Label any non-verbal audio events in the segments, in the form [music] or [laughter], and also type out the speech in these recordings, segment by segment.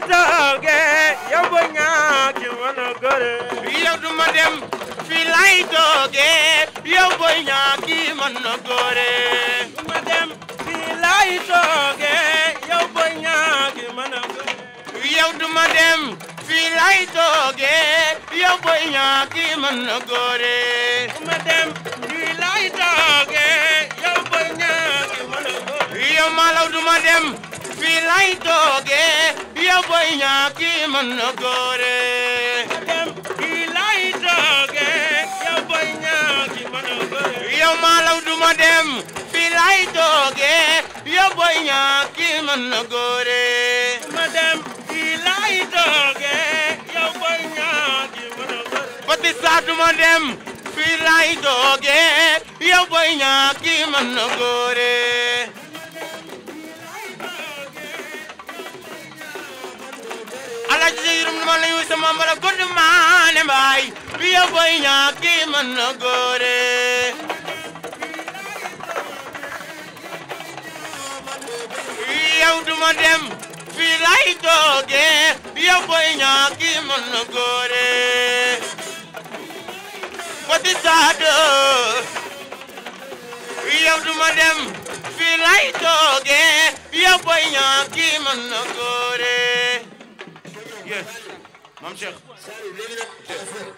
tooge yóbbu ñaa ki wana gore bi yow duma dem fii lay tooge yóbbu ñaa ki wana gore duma dem fii lay tooge yóbbu ñaa ki wana gore yow duma dem fii lay tooge yóbbu ñaa ki wana gore duma dem fii lay tooge yóbbu ñaa ki wana gore yow malaw duma dem fii lay tooge ya boy ñaa kii na góore dem kii lay duma dem fii lay tooge ya boy ñaa kii na góore ma dem ñaa kii na góore pati duma dem fii lay tooge ya boy ñaa kii na góore jirum man yu sama mbara gudd maane mbaay biya boy ñaaki man na góore yow duma dem fii lay tooge biya boy ñaaki man na góore boti saado yow duma dem fii lay tooge biya boy ñaaki man na góore yes maam Cheikh. Saalum léegi nag.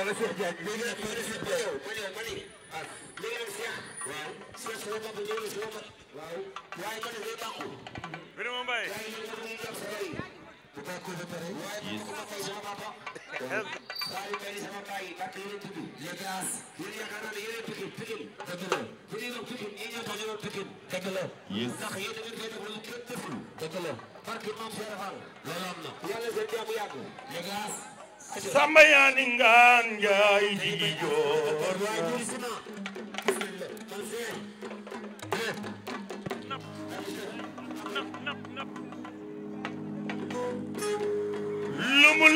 ala Cheikh Diagne léegi nag ala Cheikh Diagne. ma ne ah léegi nag Cheikh. waaw Cheikh sama papa ñëw na sama papa. waaw waaye ma ne day bàqu. Birima Mbaye. waaye ñu ngi ñu ngi sama yi. bu bàqu ba pare. waaye bu ko fay sama papa. waaye tey sama baay barke yéen tukki. yéegaas. yéen yaakaar naa ne yéen tukki tukki. dëgg la. bu dee tukki ñii ñoo tax ñoo tukki. dëgg la. ndax yéen a ngi koy def lu kenn deful. dëgg la. barke maam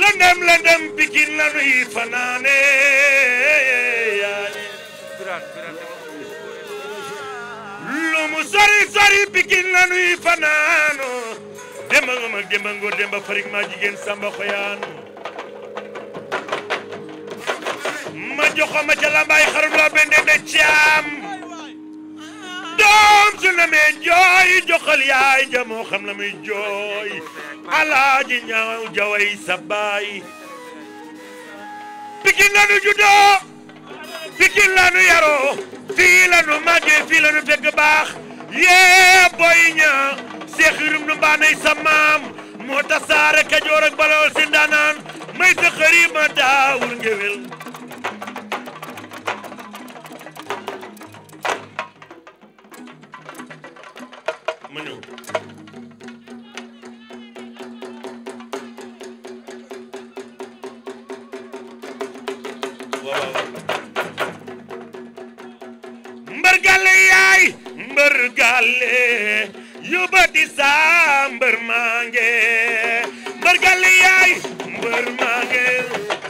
la dem la dem pikin la nuy fanaane lu mu sori sori pikin la fanaano demba nga mag demba ngóor demba farig ma jigéen samba ma joxo ca lambaay xarum loo bende de caam doom su na mee jooy joxal yaay ja moo xam la muy jooy alaaji ñaaw jaway sa baay pikin la nu juddoo pikin la nu yaroo fii la nu màggee fii la nu fekk baax yee boy ñaa seex yurum nu mbaanay sa maam moo tasaare kajoor ak balawal si ndanaan may sa xëri ma daawur ngewel mbargal yaay mbër maa ngi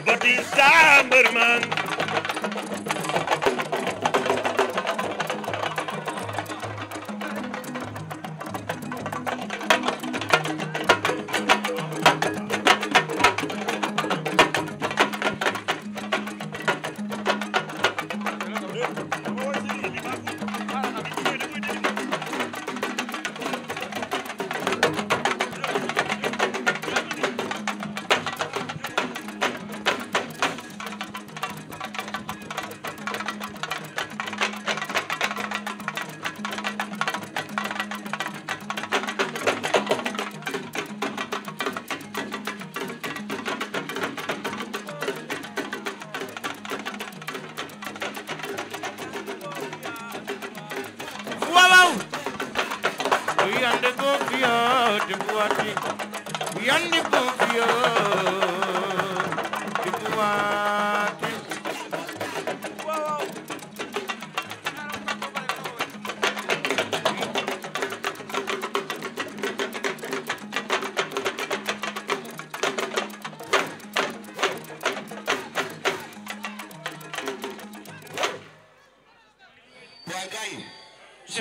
Batista mbër maa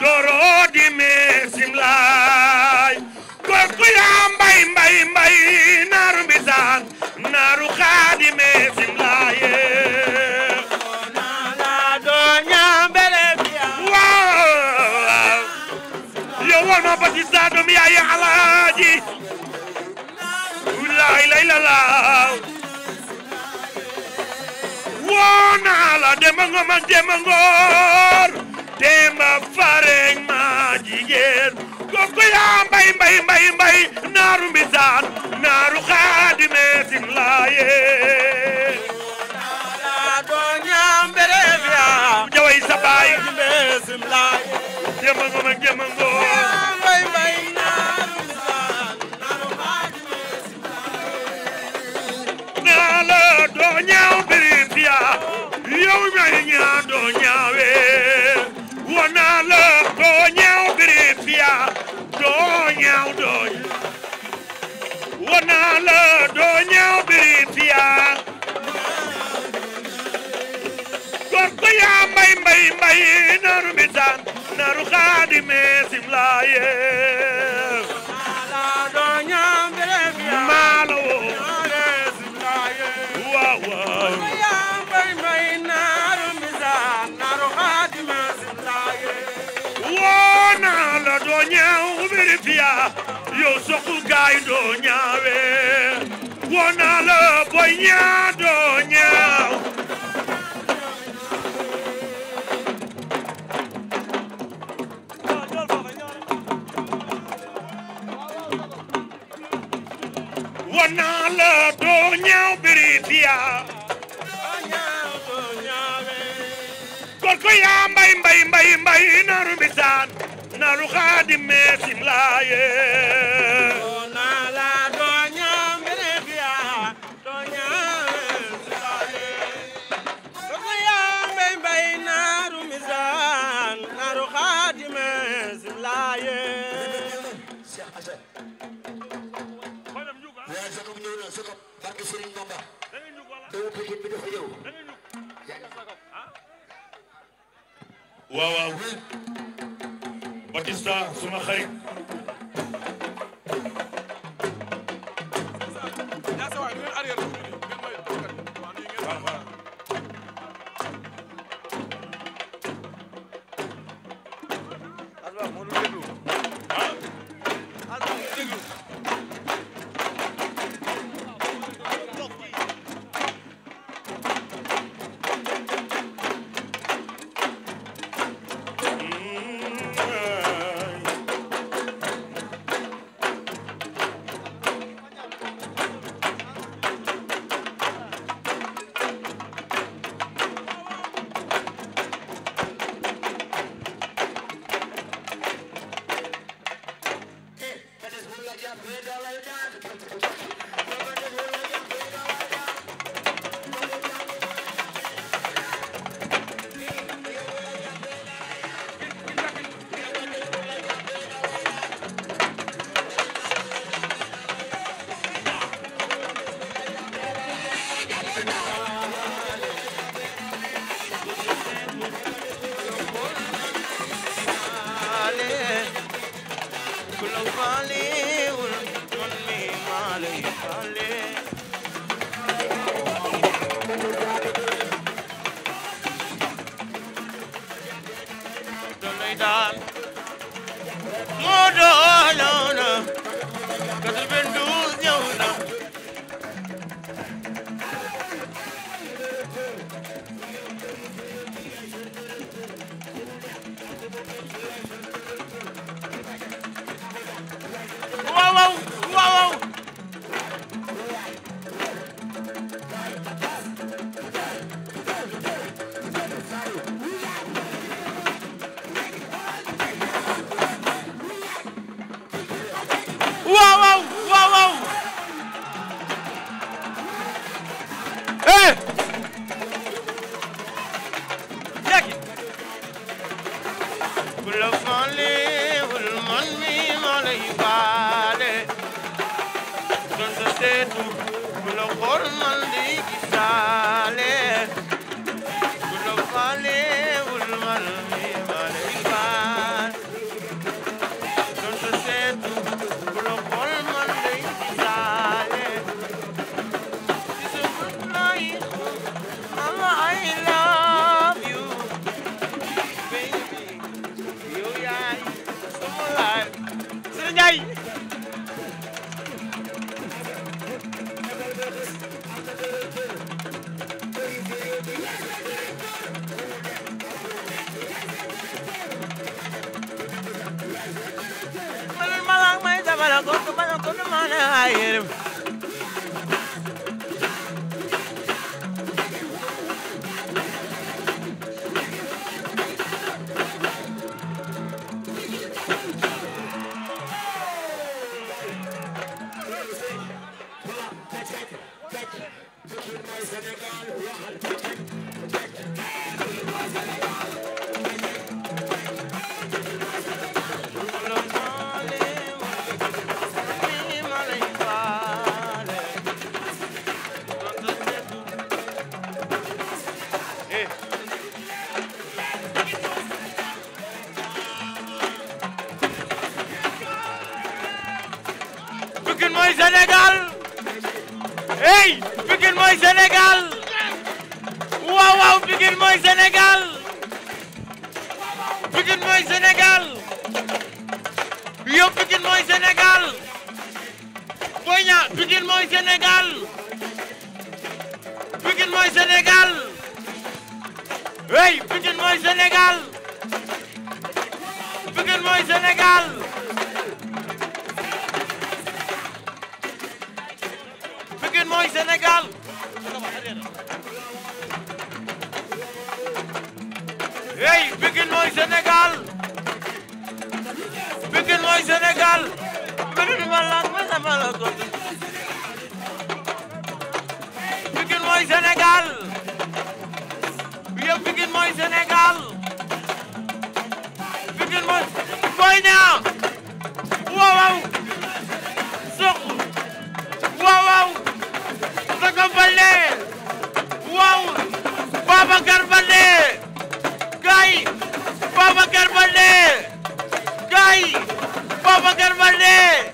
doroodi mee simlaay kooku yaa mbay mbay mbay naaru mbisaan naaru xaadi mee simlaay ma batista do mi ay alaaji la ilaha illallah wona la demango man demango mbay mbay mbay naaru mbisaan naaru xaadime sin laaye jaway naaru mbisaan naaru xaadime sin laaye naa la doo ñaaw birim fiya yow ñay ñaa doo ñaawe wa doo ñaaw doo wanaa la doo ñaaw birim fiyaa gor ko yaa mbay mbay mbay naru misaan naru xaadime simlaaye maa la doo ñaaw birim fiyaa yoo soqu gaay doo ñaawe wona la boy ñaa doo ñaaw wona la doo ñaaw biri biya gorko yaa mbay mbay mbay mbay naru mbisaan nalu xaadim meesim laaye waaw waaw Insta suma xarit Seydaan moo dooloona Pikine mooy Sénégal hey Pikine mooy Sénégal waaw waaw Pikine mooy Sénégal Pikine mooy Sénégal yow Pikine mooy Sénégal Boy Niang Pikine mooy Sénégal Pikine mooy Sénégal hey Pikine mooy Sénégal Pikine mooy Sénégal Sénégal hey Pikine mooy Sénégal Pikine mooy Sénégal Pikine ma laaj ma sama la ko Pikine mooy Sénégal yëpp Pikine mooy Sénégal Pikine mooy Boy Niang waaw waaw Babacar Baldé gaay Babacar Baldé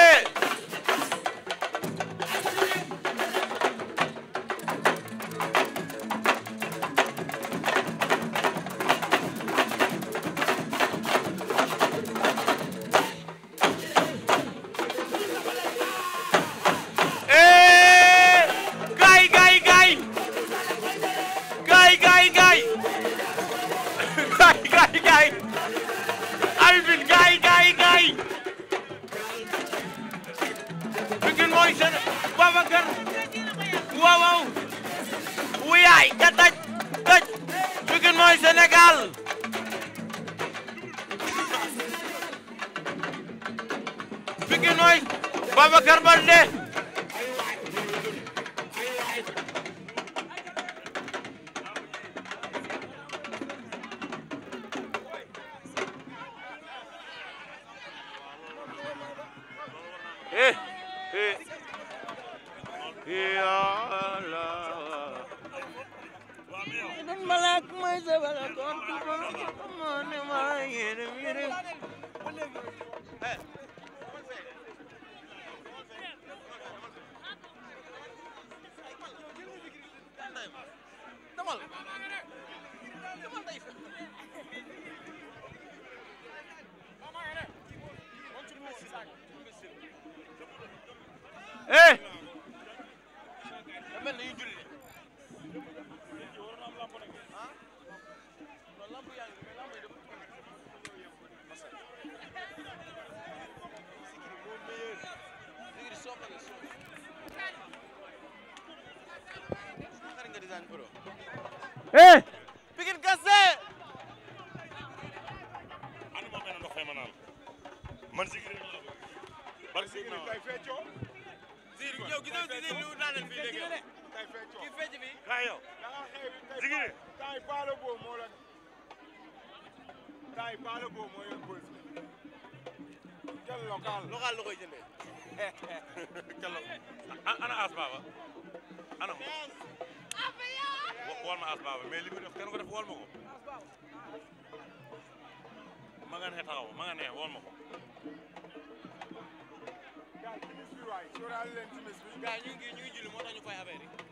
Pikinois Babacar Baldé demal demal day fekk eh eh Pikine Kassé anu mo mena ndox fay naan man zikir la bar zikir kay feccio zikir yow lu daanal fi léegi kay feccio ki fecc bi kay yow zikir la kay baalo bo mo yo gol jël [laughs] ana as wool ma as baaba mais li mu def kenn ko ko ma nga ne taxaw ma nga ko gaay ñu ngi ñu moo tax ñu fay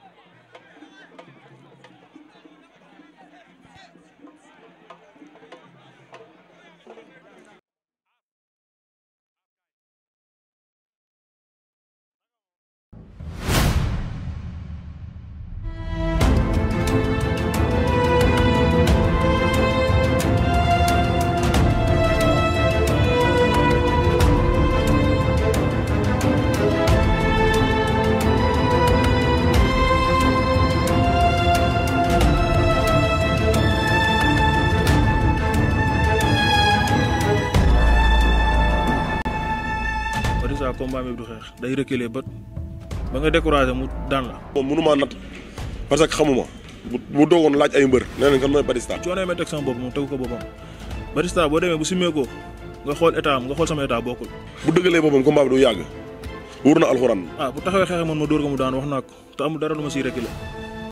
day reculer ba ba nga découragé mu daan la. moom mënu maa natt parce que xamuma bu bu doogoon laaj ay mbër nee nañ kan mooy Batista. coono yi may teg sama bopp moom tegu ko boppam Batista boo demee bu simee ko nga xool état am nga xool sama état bokkul. bu dëggalee boppam combat bi du yàgg wóor na alxuraan. Ah, bu taxawee xeex man ma dóor ko mu daan wax naa ko te amul dara lu ma siy reculer.